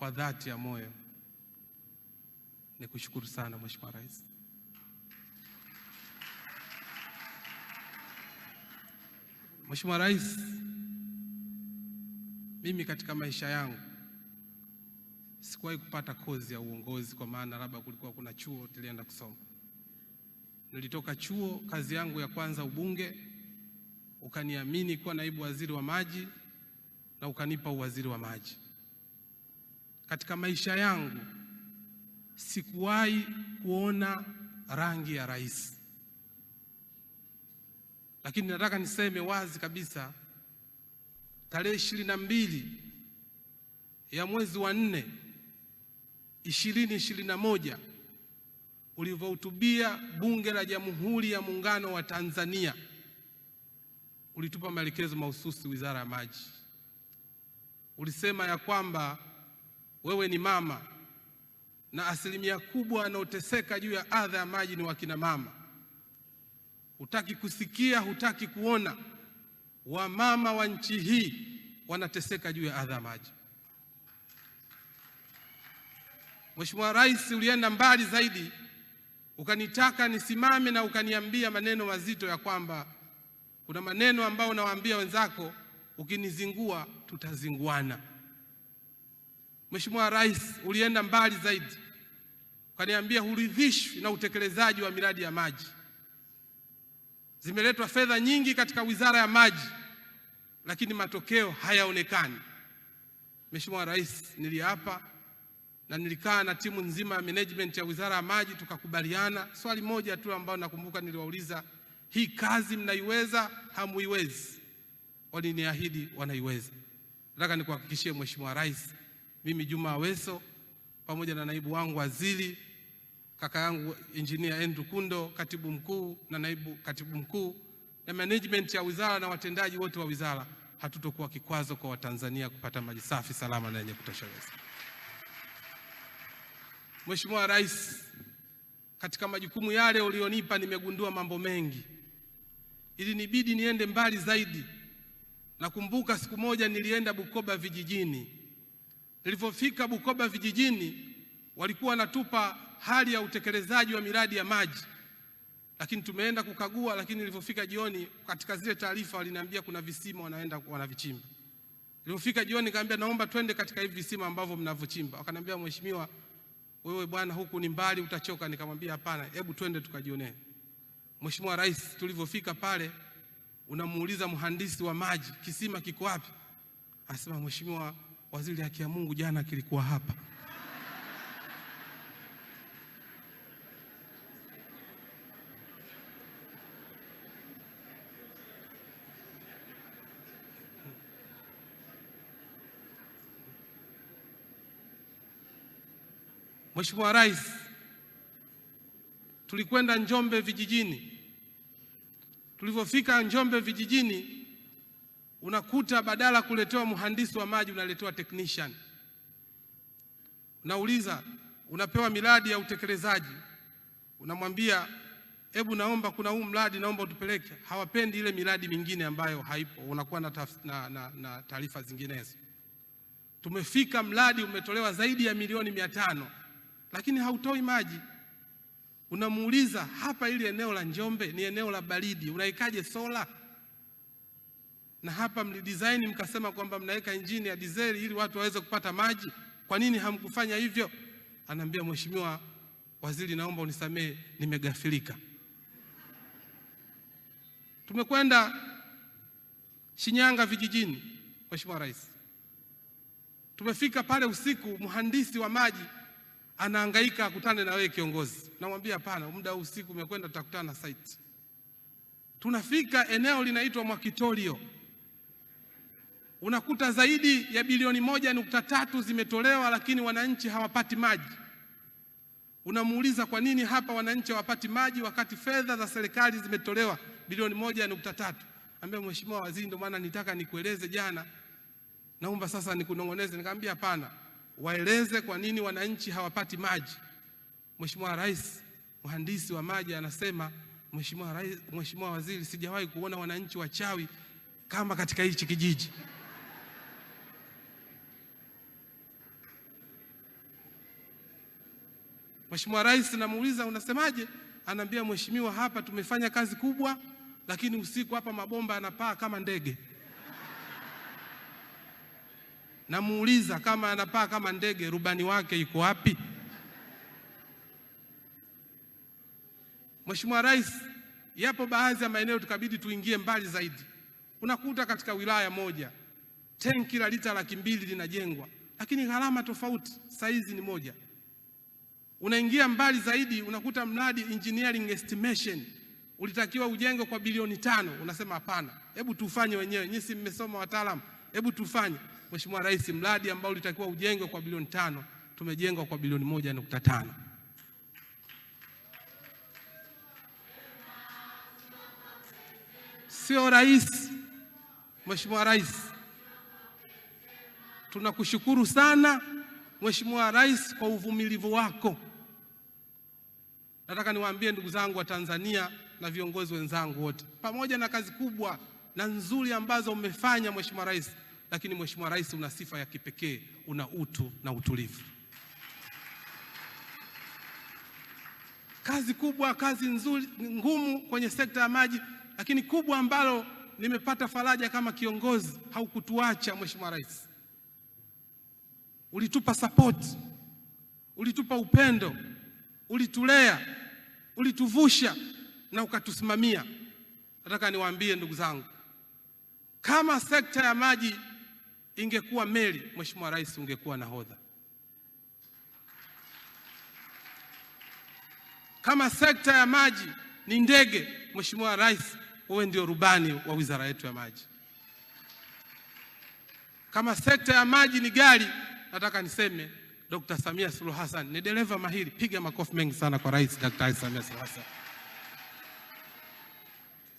kwa dhati ya moyo. Nikushukuru sana Mheshimiwa Rais. Mheshimiwa Rais, mimi katika maisha yangu sikuwahi kupata kozi ya uongozi, kwa maana labda kulikuwa kuna chuo tulienda kusoma. Nilitoka chuo, kazi yangu ya kwanza ubunge, ukaniamini kuwa naibu waziri wa maji na ukanipa uwaziri wa maji katika maisha yangu sikuwahi kuona rangi ya rais, lakini nataka niseme wazi kabisa, tarehe ishirini na mbili ya mwezi wa nne ishirini ishirini na moja ulivyohutubia Bunge la Jamhuri ya Muungano wa Tanzania ulitupa maelekezo mahususi Wizara ya Maji, ulisema ya kwamba wewe ni mama, na asilimia kubwa wanaoteseka juu ya adha ya maji ni wakina mama. Hutaki kusikia, hutaki kuona, wamama wa nchi hii wanateseka juu ya adha ya maji. Mheshimiwa Rais, ulienda mbali zaidi, ukanitaka nisimame na ukaniambia maneno mazito ya kwamba kuna maneno ambayo unawaambia wenzako, ukinizingua tutazinguana. Mheshimiwa Rais, ulienda mbali zaidi, ukaniambia huridhishwi na utekelezaji wa miradi ya maji. Zimeletwa fedha nyingi katika wizara ya maji, lakini matokeo hayaonekani. Mheshimiwa Rais, niliapa na nilikaa na timu nzima ya management ya wizara ya maji tukakubaliana swali moja tu ambalo nakumbuka niliwauliza, hii kazi mnaiweza hamuiwezi? Waliniahidi wanaiweza. Nataka nikuhakikishie Mheshimiwa Rais, mimi Juma Aweso pamoja na naibu wangu waziri kaka yangu Engineer Andrew Kundo, katibu mkuu na naibu katibu mkuu na management ya wizara na watendaji wote wa wizara, hatutokuwa kikwazo kwa Watanzania kupata maji safi, salama na yenye kutosheleza. Mheshimiwa Rais, katika majukumu yale ulionipa nimegundua mambo mengi, ili nibidi niende mbali zaidi. Nakumbuka siku moja nilienda Bukoba vijijini Nilipofika Bukoba vijijini, walikuwa wanatupa hali ya utekelezaji wa miradi ya maji, lakini tumeenda kukagua, lakini nilipofika jioni, katika zile taarifa waliniambia kuna visima wanaenda wanavichimba. Nilipofika jioni, nikaambia naomba twende katika hivi visima ambavyo mnavochimba. Wakaniambia mheshimiwa, wewe bwana, huku ni mbali, utachoka. Nikamwambia hapana, hebu twende tukajionee. Mheshimiwa Rais, tulivyofika pale, unamuuliza mhandisi wa maji kisima kiko wapi? Anasema mheshimiwa Waziri Haki ya Mungu jana kilikuwa hapa. Mheshimiwa Rais, tulikwenda Njombe vijijini. Tulivyofika Njombe vijijini unakuta badala kuletewa mhandisi wa maji unaletewa technician. Unauliza, unapewa miradi ya utekelezaji, unamwambia hebu, naomba kuna huu mradi, naomba utupeleke. Hawapendi ile miradi mingine ambayo haipo, unakuwa na, na, na, na taarifa zinginezo. Tumefika mradi umetolewa zaidi ya milioni mia tano lakini hautoi maji. Unamuuliza, hapa ili eneo la Njombe ni eneo la baridi, unaikaje sola? na hapa mlidesign mkasema kwamba mnaweka injini ya dizeli ili watu waweze kupata maji, kwa nini hamkufanya hivyo? Anaambia, Mheshimiwa Waziri, naomba unisamehe, nimegafilika. Tumekwenda Shinyanga vijijini, Mheshimiwa Rais, tumefika pale usiku, mhandisi wa maji anaangaika akutane na wewe kiongozi, namwambia hapana, muda usiku umekwenda, tutakutana site. Tunafika eneo linaitwa Mwakitolio unakuta zaidi ya bilioni moja nukta tatu zimetolewa, lakini wananchi hawapati maji. Unamuuliza, kwa nini hapa wananchi hawapati maji wakati fedha za serikali zimetolewa bilioni moja nukta tatu? Ambaye mheshimiwa waziri, ndio maana nitaka nikueleze jana, naomba sasa nikunong'oneze. Nikamwambia hapana, waeleze kwa nini wananchi hawapati maji. Mheshimiwa Rais, mhandisi wa maji anasema, Mheshimiwa Rais, Mheshimiwa Waziri, sijawahi kuona wananchi wachawi kama katika hichi kijiji. Mheshimiwa Rais namuuliza unasemaje? Anaambia mheshimiwa, hapa tumefanya kazi kubwa, lakini usiku hapa mabomba yanapaa kama ndege. Namuuliza kama anapaa kama ndege, rubani wake yuko wapi? Mheshimiwa Rais, yapo baadhi ya maeneo tukabidi tuingie mbali zaidi. Unakuta katika wilaya moja tenki la lita laki mbili linajengwa, lakini gharama tofauti, saizi ni moja. Unaingia mbali zaidi, unakuta mradi engineering estimation ulitakiwa ujengwe kwa bilioni tano, unasema hapana, hebu tufanye wenyewe, nyinyi si mmesoma wataalamu, hebu tufanye. Mheshimiwa Rais, mradi ambao ulitakiwa ujengwe kwa bilioni tano tumejengwa kwa bilioni moja nukta tano. Sio rais, Mheshimiwa Rais, tunakushukuru sana Mheshimiwa Rais kwa uvumilivu wako. Nataka niwaambie ndugu zangu wa Tanzania na viongozi wenzangu wote, pamoja na kazi kubwa na nzuri ambazo umefanya Mheshimiwa Rais, lakini Mheshimiwa Rais una sifa ya kipekee, una utu na utulivu. Kazi kubwa, kazi nzuri, ngumu kwenye sekta ya maji, lakini kubwa ambalo nimepata faraja kama kiongozi, haukutuacha Mheshimiwa Rais, ulitupa support, ulitupa upendo, ulitulea ulituvusha na ukatusimamia. Nataka niwaambie ndugu zangu, kama sekta ya maji ingekuwa meli, Mheshimiwa Rais ungekuwa nahodha. Kama sekta ya maji ni ndege, Mheshimiwa Rais wewe ndio rubani wa wizara yetu ya maji. Kama sekta ya maji ni gari, nataka niseme Dr. Samia Suluhu Hassan ni dereva mahiri. Piga makofi mengi sana kwa Rais Daktari Samia Suluhu Hassan.